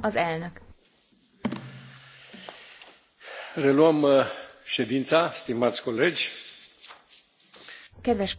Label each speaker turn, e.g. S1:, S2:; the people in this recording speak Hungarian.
S1: Az elnök.
S2: Reluăm uh, ședința, stimați colegi.
S1: Kedves